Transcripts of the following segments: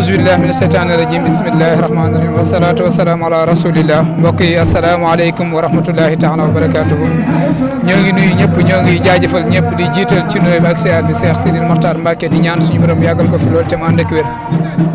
aousubillah mina sheytaani rajim bismillahi rahmaani rahim wasalatu wasalaamu ala rasulillah mbokk yi asalaamaaleykum wa rahmatullahi taala wa barakatuhu ñoo ngi nuyu ñëpp ñoo ngi jaajëfal ñëpp di jiital ci nuyu bi ak siyaar bi Cheikh Sidil Mokhtar ñaan suñu borom yàggal ko fi loolu te mu ànd ak wér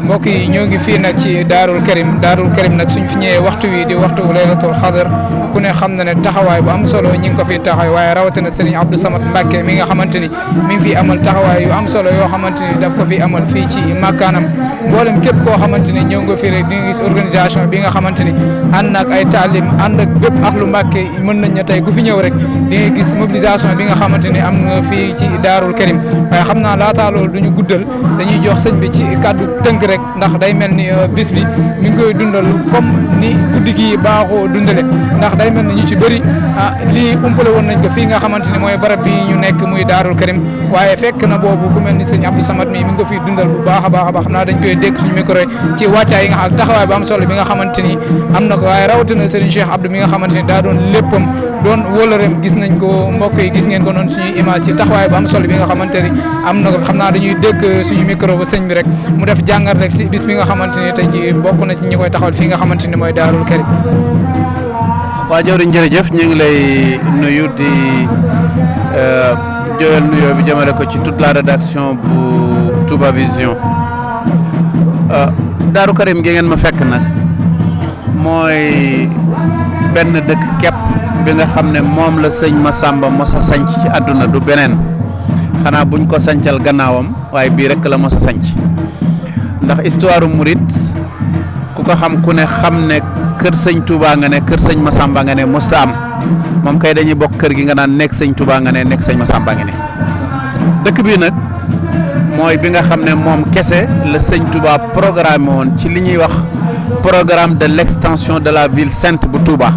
mbokk yi ñoo ngi fii nag ci daarul karim daarul karim nag suñ fi ñëwee waxtu wii di waxtu laylatul xadar ku ne xam na ne taxawaay bu am solo ñi ngi ko fi taxaw waaye rawatina Serigne Abdou Samad Mbacké mi nga xamante ni mi ngi fi amal taxawaay yu am solo yoo xamante ni daf ko fi amal fii ci makkaanam mboolem képp koo xamante ni ñëw nga fi rek di nga gis organisation bi nga xamante ni ànd nak ay taalim ànd ak bépp axlu mbàkke mën nañ ne tey ku fi ñëw rek di nga gis mobilisation bi nga xamante ni am na fii ci daarul karim waaye xam naa laataa loolu guddal dañuy jox sëñ bi ci kàddu tënk rek ndax day mel ni euh, bis bi ngi koy dundal comme ni guddi gi baaxoo dundale ndax day mel ni ñu ci bëri ah lii woon nañ fii nga xamante ni mooy barab bi ñu nekk muy daarul karim waaye fekk na boobu ku mel ni sëñ Abdou Samad mi mi ngi ko fiy dundal bu baax a baax a baax xam naa dañ koy dénk suñu micro ci wàccaay yi nga taxawaay bu am solo bi nga xamante ni am na ko waaye rawatina Serigne Cheikh Abdou mi nga xamante ni daa doon léppam doon wóolareem gis nañ ko mbokk yi gis ngeen ko noonu suñuy image ci taxawaay bu am solo bi nga xamante ni am na ko xam naa dañuy dénk suñu micro ba sëñ bi rek mu def jàngat rek si bis bi nga xamante ni tey ji bokk na si ñu koy taxawal fii nga xamante ni mooy Daarul Karim waa jawriñ jërëjëf ñu ngi lay nuyu di euh, joyal nuyoo bi jëmale ko ci toute la rédaction bu Touba Vision Euh, Daaru Karim gi ngeen ma fekk nag mooy benn dëkk kepp bi nga xam ne moom la sëñ ma mos a sanc ci àdduna du beneen xanaa buñ ko sancal gannaawam waaye bii rek la mos a sanc ndax histoire murit ku ko xam ku ne xam ne kër sëñ Touba nga ne kër sëñ ma Massamba nga ne mosta am moom kay dañuy bokk kër gi nga naan nekk sëñ Touba nga ne nekk sëñ Massamba nga ne dëkk bii nag mooy bi nga xam ne moom kese la sëñ Touba programme woon ci li ñuy wax programme de l'extension de la ville sainte bu Touba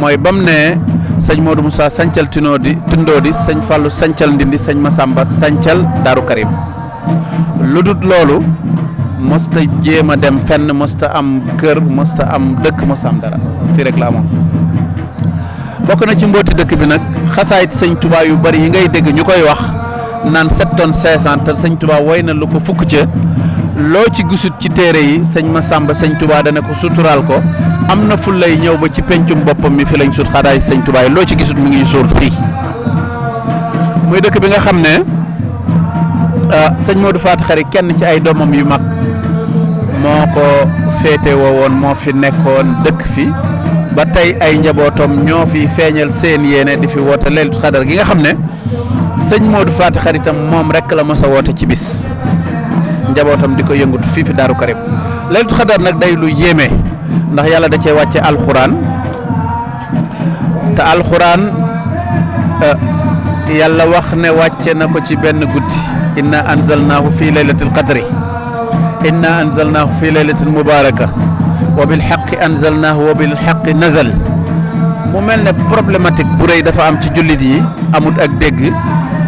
mooy bam mu ne sëñ Modou Moussa sancal tinoo di tindoo di sëñ Fallou sancal ndindi sëñ Massamba sancal Daaru Karim lu dut loolu mosta jéem a dem fenn mosta am kër mosta am dëkk mosta am dara fii rek bokk na ci mbooti dëkk bi nag xasaayit sëñ Touba yu bari yi ngay dégg ñu koy wax naan sept tonnes cinq cent te sëñ woy na lu ko fukk ca loo ci gisut ci téere yi sëñ Massamba sëñ Touba dana ko suturaal ko am na fullay ñëw ba ci pencum boppam mi fi lañ sut xadaay sëñ Touba yi loo ci gisut mi ngi suul fii muy dëkk bi nga xam ne ah, sëñ Modou Faty Khary kenn ci ay doomam yu mag moo ko féete woo woon moo fi nekkoon dëkk fi ba tey ay njabootam ñoo fi feeñal seen yéene di fi woote leelu xadar gi nga xam ne sëñ Modou Faty xaritam moom rek la mosa woote ci bis njabootam di ko yëngatu fii fi Daaru Karim Laylatul Qadr nag day lu yéeme ndax yàlla da cee wàcce alxuraan te alxuraan eh, yàlla wax ne wàcce na ko ci benn guddi inna anzalnaahu fi laylatil qadri inna anzalnaahu fi laylatin mubaraka wa bilxaqi anzalnaahu wa bilxaqi nazal mu mel ne problématique bu rëy dafa am ci jullit yi amut ak dégg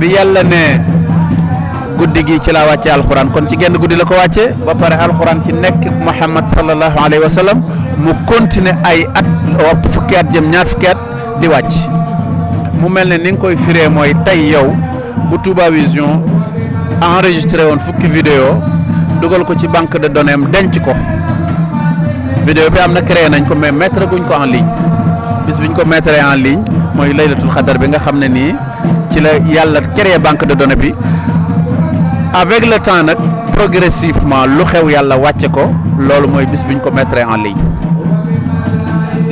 bi yàlla ne guddi gi ci laa wàcce alxuraan kon ci genn guddi la ko wàccee ba pare alxuraan ci nekk Muhammad sallallahu alayhi wa sallam mu continuer ay at wopp fukki jëm ñaar fukki di wàcc mu mel ne ni nga koy firee mooy tey yow bu Touba Vision woon fukki vidéo dugal ko ci banque de données denc ko vidéo bi am na créé nañ ko mais mettre guñ ko en ligne bis bi ñu ko mettre en ligne mooy laylatul xadar bi nga xam ne nii ci la yàlla créé banque de données bi avec le temps nag progressivement lu xew yàlla wàcce ko loolu mooy bis bi ñu ko mettre en ligne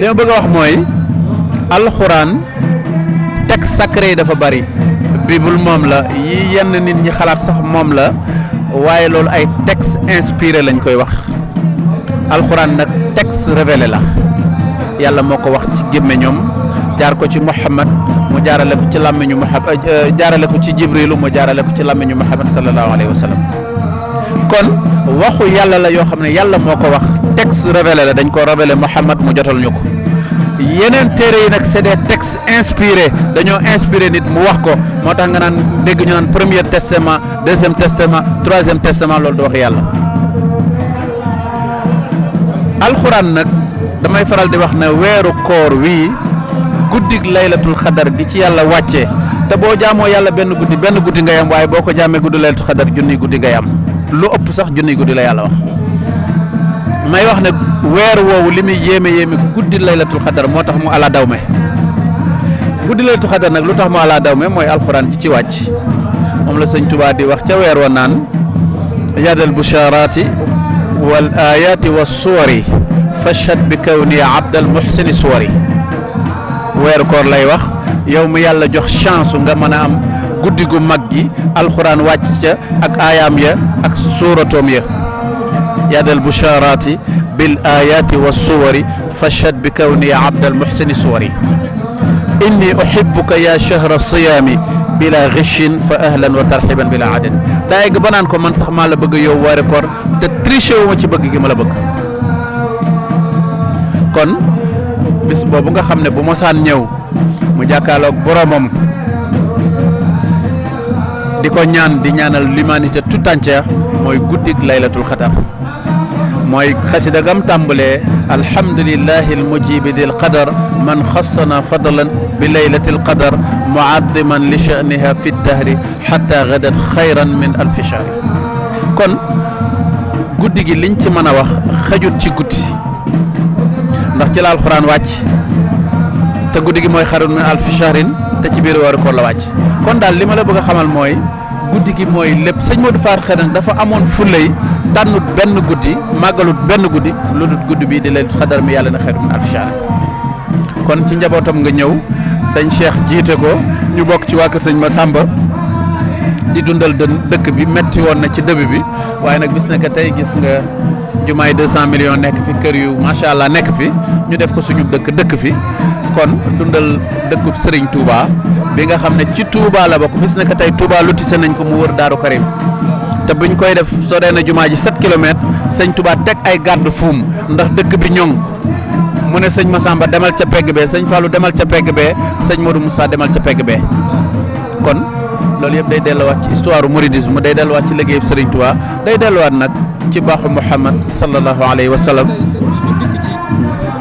li ma bëgg a wax mooy alxuraan texte sacré yi dafa bari bible moom la yi yenn nit ñi xalaat sax moom la waaye loolu ay texte inspiré lañ koy wax alxuraan nag texte révélé la yàlla moo ko wax ci gémmiñam jaar ko ci Muhammad mu jaarale ko ci làmmiñu Muhammad euh, euh, jaarale ko ci Jibrilu mu jaarale ko ci làmmiñu Muhammad sallallahu alayhi wa sallam kon waxu yàlla la yoo xam ne yàlla moo ko wax texte révélé la dañ ko révélé Muhammad mu jotal ñu ko yeneen téere yi nag c'est des textes inspirés dañoo inspiré nit mu wax ko moo tax nga naan dégg ñu naan premier testament deuxième testament troisième loolu du wax yàlla alxuraan nag. damay faral di wax ne weeru koor wii guddig laylatul xadar gi ci yàlla wàcce te boo jaamoo yàlla benn guddi benn guddi ngay am waaye boo ko jaamee guddi laylatul xadar junniy guddi ngay am lu ëpp sax junniy guddi la yàlla wax may wax ne weer woowu li muy yéeme yéeme guddi laylatul xadar moo tax mu ala daw me guddi laylatul xadar nag lu tax mu ala daw mooy alxuraan ji ci wàcc moom la sëñ Tuubaa di wax ca weer wa naan yadal bushaaraati wal ayaati was suwari fashhad bi kawni abdal muhsini suwari weeru koor lay wax yow mi yàlla jox chance nga mën a am guddi gu mag gi alxuraan wàcc ca ak aayaam ya ak suuratoom ya yaadal bushaaraati bil aayaati wa suwari fashhad bi kawni abdal muhsini suwari inni uhibbuka ya shahra siyaami bila ghishin fa ahlan wa tarxiban bila adad daa yegg ba naan ko man sax maa la bëgg yow weeru koor te triché wu ma ci bëgg gi ma la bëgg kon bis boobu nga xam ne bu mosaan ñëw mu jàkkaarloog boromam di ko ñaan di ñaanal l'humanité tout entière mooy guddik laylatul xadar mooy xasida gam tàmbalee alhamdulillahi almujibi dil qadar man xassana fadlan bi laylatil qadar muaddiman li sha'niha fi dahri xatta gadat xayran min alfi shahri kon guddi gi liñ ci mën a wax xajut ci guddi ci la alxuraan wàcc te guddi gi mooy xarun min alfi te ci biir weeru ko la wàcc kon daal li ma la bëgg a xamal mooy guddi gi mooy lépp sëñ Modou Fall xëy dafa amoon fulay tànnut benn guddi màggalut benn guddi lu guddi bi di leen xadar mi yàlla na xeetu min alfi shahrin kon ci njabootam nga ñëw sëñ Cheikh jiite ko ñu bokk ci waa sañ ma sàmba di dundal dëkk bi metti woon na ci début bi waaye nag bis na que tey gis nga jumaay 200 million nekk fi kër yu macha allah nekk fi ñu def ko suñu dëkk dëkk fi kon dundal dëkkub sëriñ Touba bi nga xam ne ci Touba la bokk bis na ko tey Touba se nañ ko mu wër Daaru Karim te buñ koy def sodee na jumaa ji 7 kilomètres sëñ teg ay garde fuum ndax dëkk bi ñoŋ mu ne sëñ Massamba demal ca pegg bee sañ Fallou demal ca pegg bee sëñ Modou Moussa demal ca pegg bee kon loolu yëpp day delluwaat ci histoire mouridisme day delluwaat ci liggéeyub Serigne Touba day delluwaat nag ci baaxu Muhammad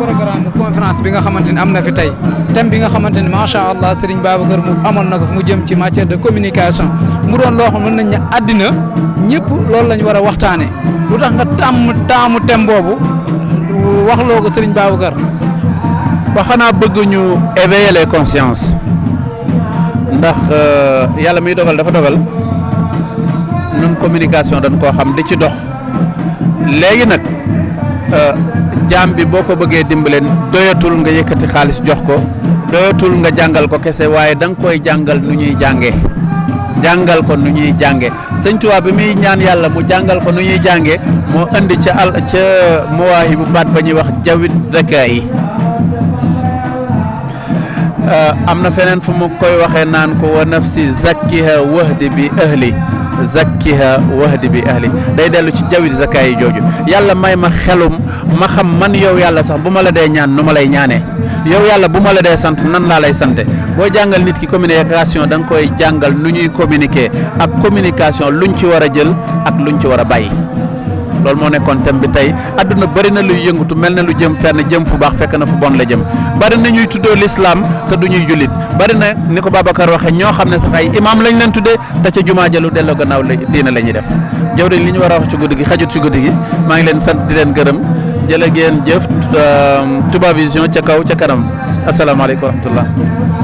programme conférence bi nga xamante ni am na fi tey thème bi nga xamante ni macha allah Serigne Babacar mu amoon na ko fu mu jëm ci matière de communication mu doon loo xam mën nañ ne addina ñëpp loolu lañ war a waxtaane lu tax nga tàmm taamu thème wax waxloo sëriñ Serigne Babacar. wax xanaa bëgg ñu éveiller les consciences ndax euh, yàlla muy dogal dafa dogal ñun communication dañ koo xam di ci dox léegi nag. jaam bi boo ko bëggee dimbaleen doyatul nga yëkkati xaalis jox ko doyatul nga jàngal ko kese waaye da nga koy jàngal nu ñuy jàngee jàngal ko nu ñuy jànge sëñ Tuubaa bi muy ñaan yàlla mu jàngal ko nu ñuy jànge moo indi ca al ca mawaahi bu baat ba ñuy wax jawit reka yi am na feneen fu mu koy waxee naan ko wa nafsi zakkiha wahdi bi ahli zakkiha wahdi bi ahli day dellu ci jawit zakka yi jooju yàlla may ma xelum ma xam man yow yàlla sax bu ma la dee ñaan nu ma lay ñaanee yow yàlla bu ma la dee sant nan laa lay sante boo jàngal nit ki communication da nga koy jàngal nu ñuy communiquer ak communication luñ ci war a jël ak ñu ci war a bàyyi loolu moo nekkoon thème bi tey adduna bëri na luy yëngatu mel na lu jëm fenn jëm fu baax fekk na fu bon la jëm bëri na ñuy tuddoo lislaam te du ñuy jullit bëri na ni ko Babacar waxee ñoo xam ne sax ay imaam lañ leen tuddee te ca jumaa ja lu delloo gannaaw la diina la ñuy def jëw li ñu war a wax ci guddi gi xajut ci guddi gi maa ngi leen sant di leen gërëm jële ngeen jëf euh, Touba Vision ca kaw ca kanam asalaamaaleykum wa rahmatullah